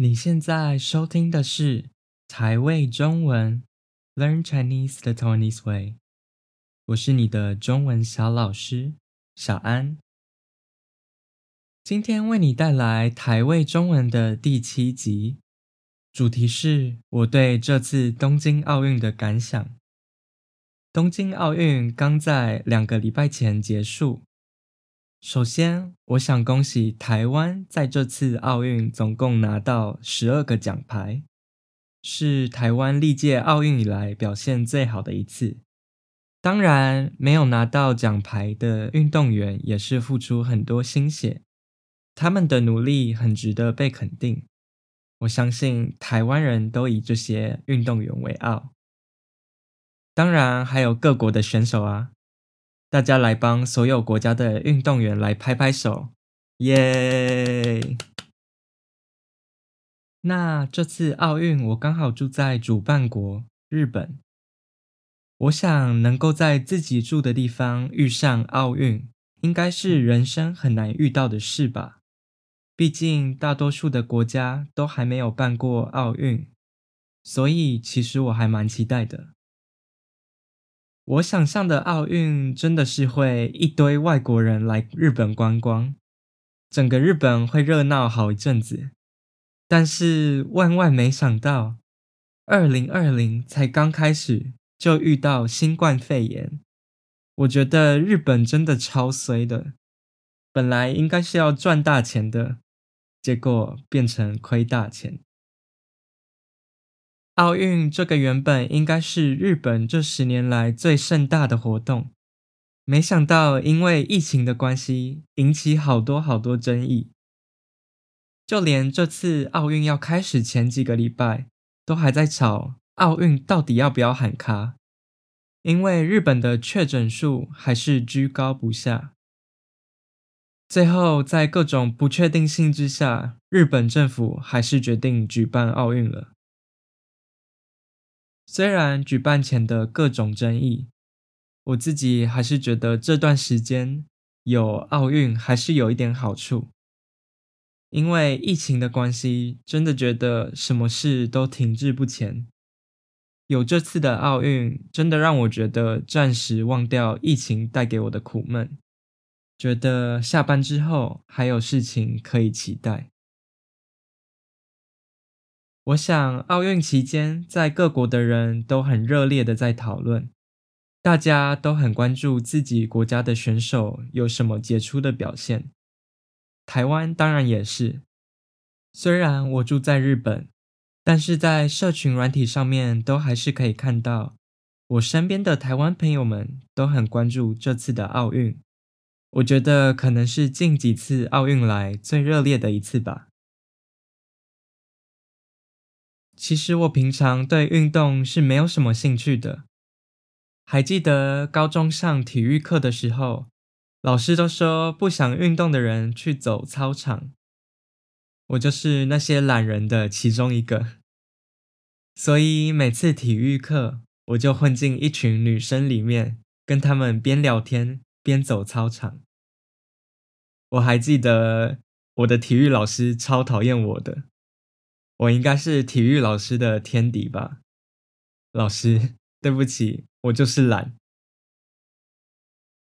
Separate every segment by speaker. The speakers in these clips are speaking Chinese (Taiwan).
Speaker 1: 你現在收聽的是台味中文 Learn Chinese the Taiwanese Way，我是你的中文小老師小安。今天為你帶來台味中文的第七集，主題是我對這次東京奧運的感想。東京奧運剛在兩個禮拜前結束。首先，我想恭喜台灣在這次奧運總共拿到十二個獎牌，是台灣歷屆奧運以來表現最好的一次。當然，沒有拿到獎牌的運動員也是付出很多心血，他們的努力很值得被肯定。我相信台灣人都以這些運動員為傲。當然，還有各國的選手啊。大家來幫所有國家的運動員來拍拍手，耶！那這次奧運我剛好住在主辦國日本，我想能夠在自己住的地方遇上奧運，應該是人生很難遇到的事吧。畢竟大多數的國家都還沒有辦過奧運，所以其實我還蠻期待的。我想象的奧運真的是會一堆外國人來日本觀光，整個日本會熱鬧好一陣子。但是萬萬沒想到，二零二零才剛開始就遇到新冠肺炎。我覺得日本真的超衰的，本來應該是要賺大錢的，結果變成虧大錢。奧運這個原本應該是日本這十年來最盛大的活動，沒想到因為疫情的關係，引起好多好多爭議。就連這次奧運要開始前幾個禮拜，都還在吵奧運到底要不要喊卡，因為日本的確診數還是居高不下。最後在各種不確定性之下，日本政府還是決定舉辦奧運了。雖然舉辦前的各種爭議，我自己還是覺得這段時間有奧運還是有一點好處，因為疫情的關係，真的覺得什麼事都停滯不前。有這次的奧運，真的讓我覺得暫時忘掉疫情帶給我的苦悶，覺得下班之後還有事情可以期待。我想，奧運期間，在各國的人都很熱烈的在討論，大家都很關注自己國家的選手有什麼傑出的表現。台灣當然也是。雖然我住在日本，但是在社群軟體上面，都還是可以看到，我身邊的台灣朋友們都很關注這次的奧運。我覺得可能是近幾次奧運來最熱烈的一次吧。其實我平常對運動是沒有什麼興趣的。還記得高中上體育課的時候，老師都說不想運動的人去走操場。我就是那些懶人的其中一個，所以每次體育課，我就混進一群女生裡面，跟她們邊聊天邊走操場。我還記得我的體育老師超討厭我的。我應該是體育老師的天敵吧，老師，對不起，我就是懶。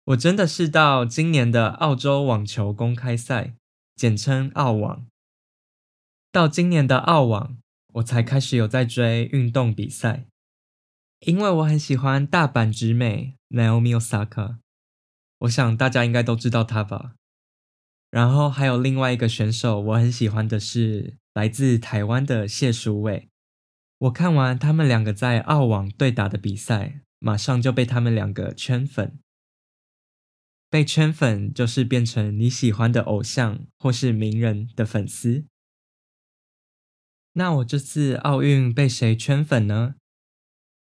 Speaker 1: 我真的是到今年的澳洲網球公開賽，簡稱澳網，到今年的澳網，我才開始有在追運動比賽，因為我很喜歡大阪直美 Naomi Osaka，我想大家應該都知道她吧。然後還有另外一個選手，我很喜歡的是來自台灣的謝淑薇。我看完他們兩個在澳網對打的比賽，馬上就被他們兩個圈粉。被圈粉就是變成你喜歡的偶像或是名人的粉絲。那我這次奧運被誰圈粉呢？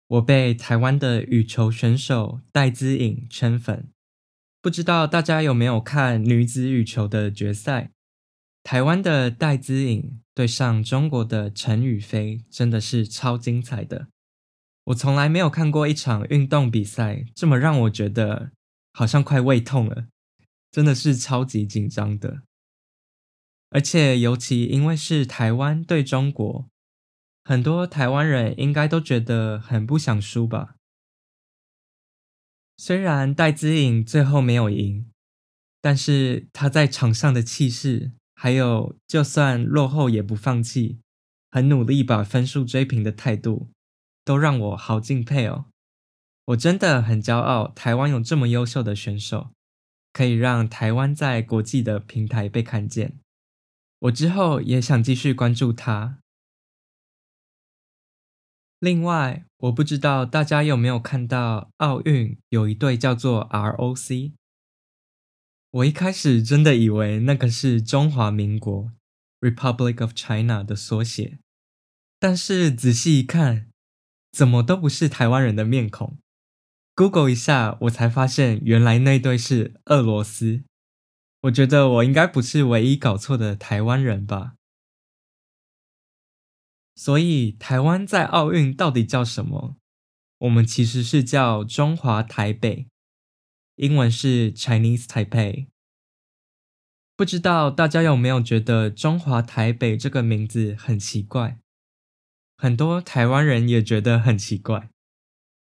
Speaker 1: 我被台灣的羽球選手戴資穎圈粉。不知道大家有沒有看女子羽球的決賽？台灣的戴資穎對上中國的陳雨菲，真的是超精彩的。我從來沒有看過一場運動比賽這麼讓我覺得好像快胃痛了，真的是超級緊張的。而且尤其因為是台灣對中國，很多台灣人應該都覺得很不想輸吧。雖然戴資穎最後沒有贏，但是他在場上的氣勢，還有就算落後也不放棄、很努力把分數追平的態度，都讓我好敬佩哦。我真的很驕傲，台灣有這麼優秀的選手，可以讓台灣在國際的平台被看見。我之後也想繼續關注他。另外，我不知道大家有沒有看到奧運有一隊叫做 ROC。我一開始真的以為那個是中華民國 （Republic of China） 的縮寫，但是仔細一看，怎麼都不是台灣人的面孔。Google 一下，我才發現原來那隊是俄羅斯。我覺得我應該不是唯一搞錯的台灣人吧。所以，台灣在奧運到底叫什麼？我們其實是叫中華台北，英文是 Chinese Taipei。不知道大家有沒有覺得中華台北這個名字很奇怪？很多台灣人也覺得很奇怪，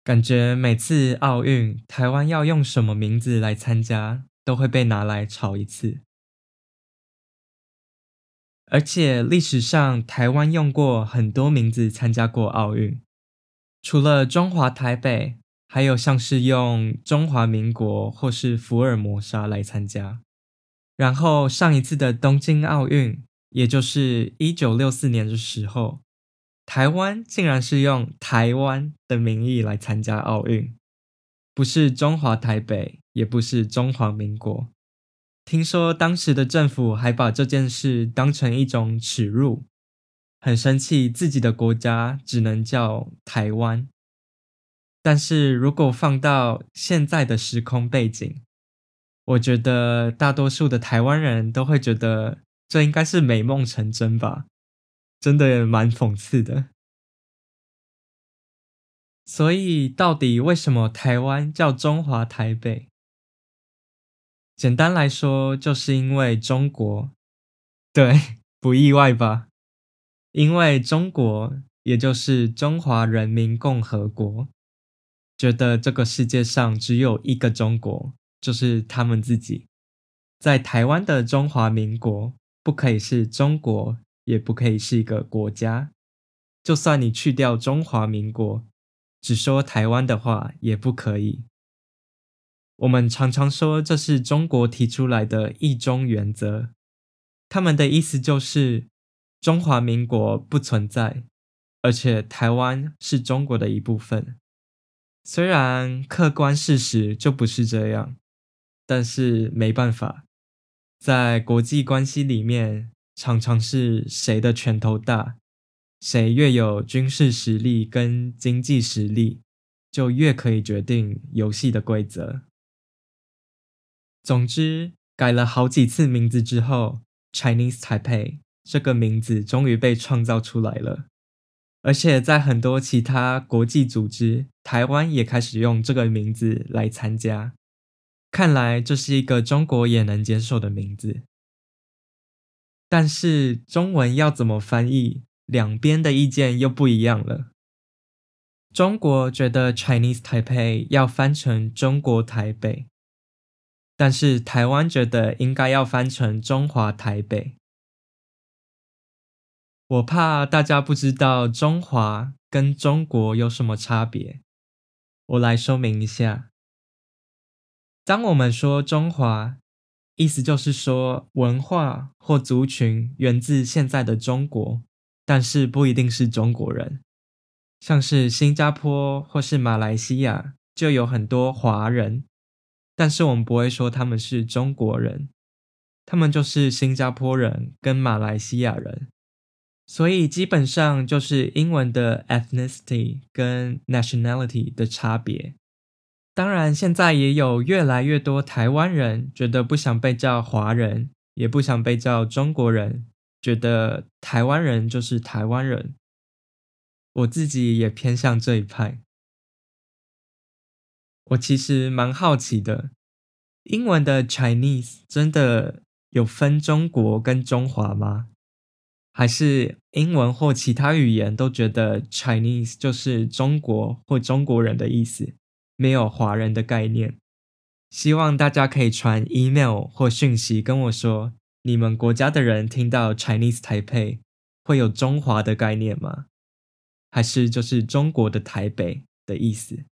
Speaker 1: 感覺每次奧運台灣要用什麼名字來參加，都會被拿來炒一次。而且歷史上台灣用過很多名字參加過奧運，除了中華台北，還有像是用中華民國或是福爾摩沙來參加。然後上一次的東京奧運，也就是一九六四年的時候，台灣竟然是用台灣的名義來參加奧運，不是中華台北，也不是中華民國。聽說當時的政府還把這件事當成一種恥辱，很生氣自己的國家只能叫台灣。但是如果放到現在的時空背景，我覺得大多數的台灣人都會覺得這應該是美夢成真吧，真的也蠻諷刺的。所以到底為什麼台灣叫中華台北？簡單來說，就是因為中國，對，不意外吧？因為中國，也就是中華人民共和國，覺得這個世界上只有一個中國，就是他們自己。在台灣的中華民國，不可以是中國，也不可以是一個國家。就算你去掉中華民國，只說台灣的話，也不可以。我們常常說這是中國提出來的“一中”原則，他們的意思就是中華民國不存在，而且台灣是中國的一部分。雖然客觀事實就不是這樣，但是沒辦法，在國際關係裡面，常常是誰的拳頭大，誰越有軍事實力跟經濟實力，就越可以決定遊戲的規則。總之，改了好幾次名字之後，Chinese Taipei 這個名字終於被創造出來了。而且，在很多其他國際組織，台灣也開始用這個名字來參加。看來這是一個中國也能接受的名字。但是，中文要怎麼翻譯，兩邊的意見又不一樣了。中國覺得 Chinese Taipei 要翻成中國台北。但是台灣覺得應該要翻成中華台北。我怕大家不知道中華跟中國有什麼差別，我來說明一下。當我們說中華，意思就是說文化或族群源自現在的中國，但是不一定是中國人。像是新加坡或是馬來西亞，就有很多華人。但是我們不會說他們是中國人，他們就是新加坡人跟馬來西亞人，所以基本上就是英文的 ethnicity 跟 nationality 的差別。當然，現在也有越來越多台灣人覺得不想被叫華人，也不想被叫中國人，覺得台灣人就是台灣人。我自己也偏向這一派。我其實蠻好奇的，英文的 Chinese 真的有分中國跟中華嗎？還是英文或其他語言都覺得 Chinese 就是中國或中國人的意思，沒有華人的概念？希望大家可以傳 email 或訊息跟我說，你們國家的人聽到 Chinese 台北會有中華的概念嗎？還是就是中國的台北的意思？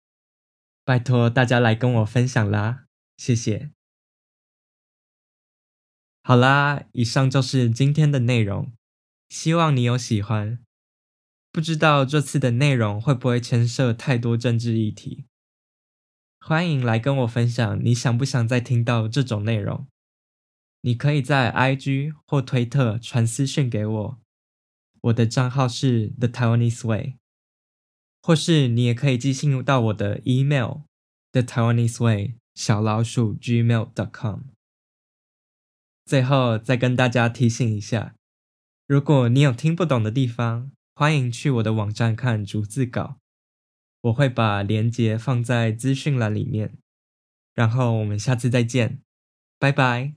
Speaker 1: 拜託大家來跟我分享啦，謝謝。好啦，以上就是今天的內容，希望你有喜歡。不知道這次的內容會不會牽涉太多政治議題？歡迎來跟我分享，你想不想再聽到這種內容？你可以在 IG 或推特傳私訊給我，我的賬號是 The Taiwanese Way。或是你也可以寄信到我的 email，The Taiwanese Way 小老鼠 gmail dot com。最後再跟大家提醒一下，如果你有聽不懂的地方，歡迎去我的網站看逐字稿，我會把連結放在資訊欄裡面。然後我們下次再見，拜拜。